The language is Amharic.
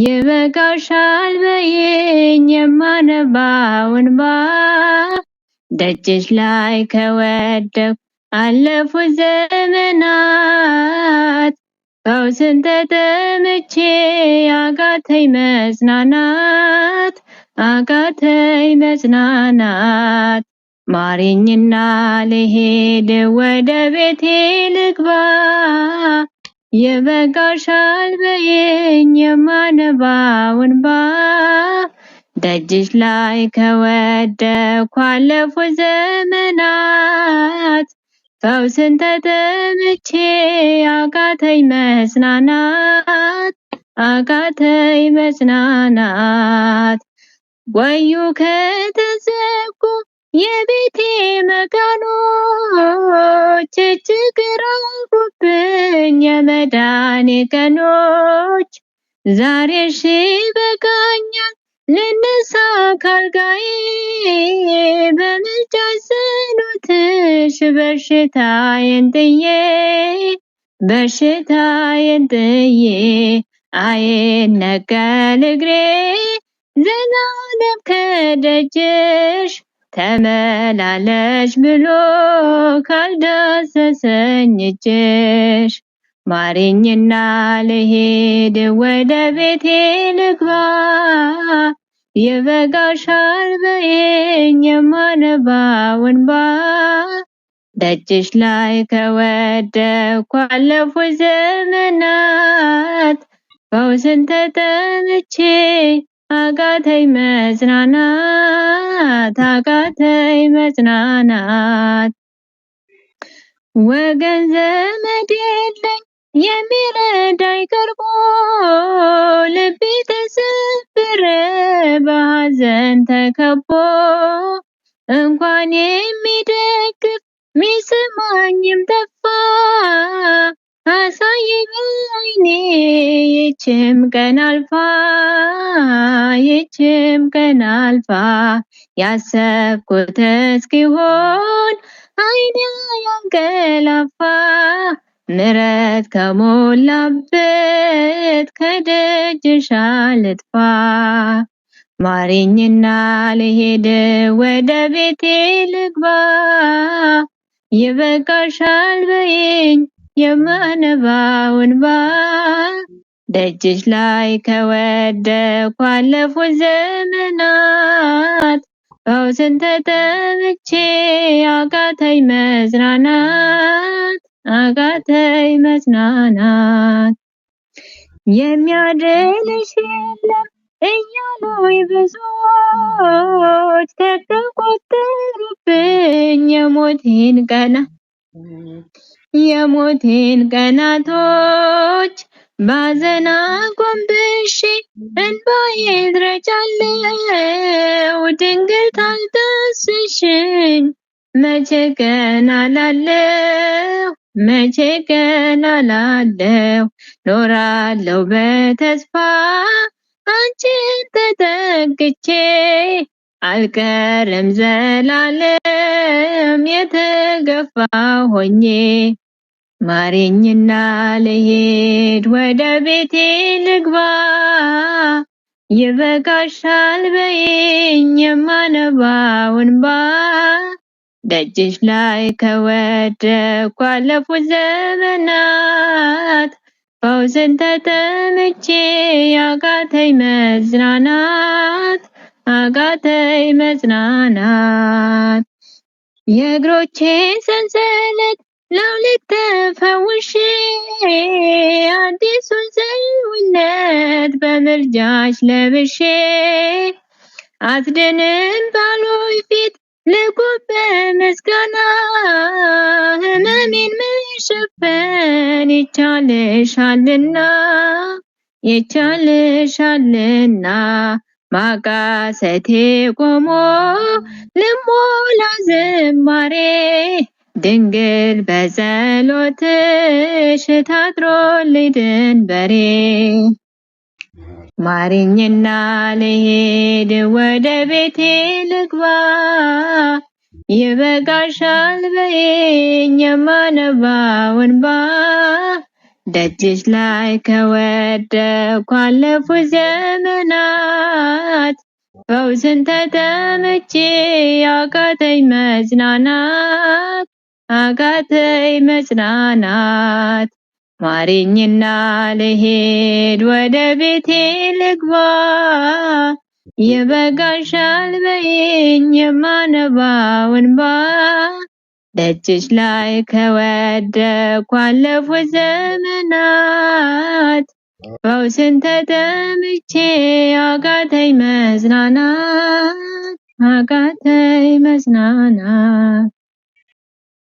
ይበቃሻል በይኝ የማነባውን ባ ደጅሽ ላይ ከወደኩ አለፉ ዘመናት ፈውስን ተጠምቼ አጋተይ መዝናናት አጋተይ መዝናናት! ማሪኝና ልሄድ ወደ ቤቴ ልግባ የበጋሻል በየኝ የማነባውን ባ ደጅሽ ላይ ከወደኩ አለፉ ዘመናት ፈውስን ተጠምቼ አቃተይ መጽናናት አቃተይ መጽናናት ወዩ ከተዘጉ የቤቴ መጋኖች እጅግ ራቁብኝ ነኝ የመዳኔ ቀኖች ዛሬ ሺ በቃኛል ልነሳ ካልጋዬ በምልጃ ጽኖትሽ በሽታዬን ጥዬ በሽታዬን ጥዬ አይነቀል እግሬ ዘላለም ከደጅሽ ተመላለሽ ብሎ ካልዳሰሰኝ እጅሽ ማሪኝና ልሄድ ወደ ቤቴ ልግባ የበጋሻል በይኝ የማነባውን ባ ደጅሽ ላይ ከወደኩ አለፉ ዘመናት ፈውስን ተጠምቼ አጋተይ መዝናናት አጋተይ መዝናናት ወገን ዘመድ የለኝ የሚረዳኝ ቀርቦ ልቤ ተሰበረ በሐዘን ተከቦ እንኳን የሚደግፍ ሚስማኝም ጠፋ አሳየኝ አይኔ ይችም ቀን አልፋ ይችም ቀን አልፋ ያሰብኩት እስኪሆን አይኔ ያንገላፋ ምረት ከሞላበት ከደጅሽ አልጥፋ ማሪኝና ልሄድ ወደ ቤቴ ልግባ ይበቃሻል በይኝ የማነባውን እንባ ደጅሽ ላይ ከወደኩ አለፉት ዘመናት ፈውስን ተጠምቼ መዝናናት አጋተይ መዝናናት የሚያድንሽ የለም እያሉ ብዙዎች ተተቆጠሩብኝ የሞቴን ቀና የሞቴን ቀናቶች ባዘና ጎንብሼ እንባዬ ድረጫለው ድንግል ታልደስሽኝ መቼ ገና ላለው መቼ ገና ላለው ኖራለው በተስፋ አንቺን ተጠግቼ አልቀርም ዘላለም የተገፋ ሆኜ ማሬኝና ልሄድ ወደ ቤቴ ልግባ፣ ይበቃሻል በይኝ የማነባው ባ ደጅሽ ላይ ከወደኩ አለፉት ዘመናት፣ ፈውስን ተጠምቼ አቃተይ መዝናናት አቃተይ መዝናናት የእግሮቼ ሰንሰለት ላውልቅ ተፈውሼ አዲሱን ሰውነት በምልጃሽ ለብሼ አትድንም ባሉኝ ፊት ልቁም በምስጋና ህመሜን መሸፈን ይቻልሻልና ይቻልሻልና ማቃሰቴ ቆሞ ልሞላ ዝማሬ ድንግል በጸሎትሽ ታድሮልኝ ድንበሬ ማሪኝና ልሄድ ወደ ቤቴ ልግባ ይበቃሻል በይኝ የማነባውን ባ ደጅሽ ላይ ከወደኩ አለፉ ዘመናት በውስን ተጠምቼ ያቃተኝ መዝናናት አቃተይ መጽናናት ማሪኝና ልሄድ ወደ ቤቴ ልግባ የበጋሻል በይኝ ባ ደጅሽ ላይ ከወደኩ አለፉት ዘመናት ፈውስን ተጠምቼ አቃተይ መጽናናት አቃተይ መጽናናት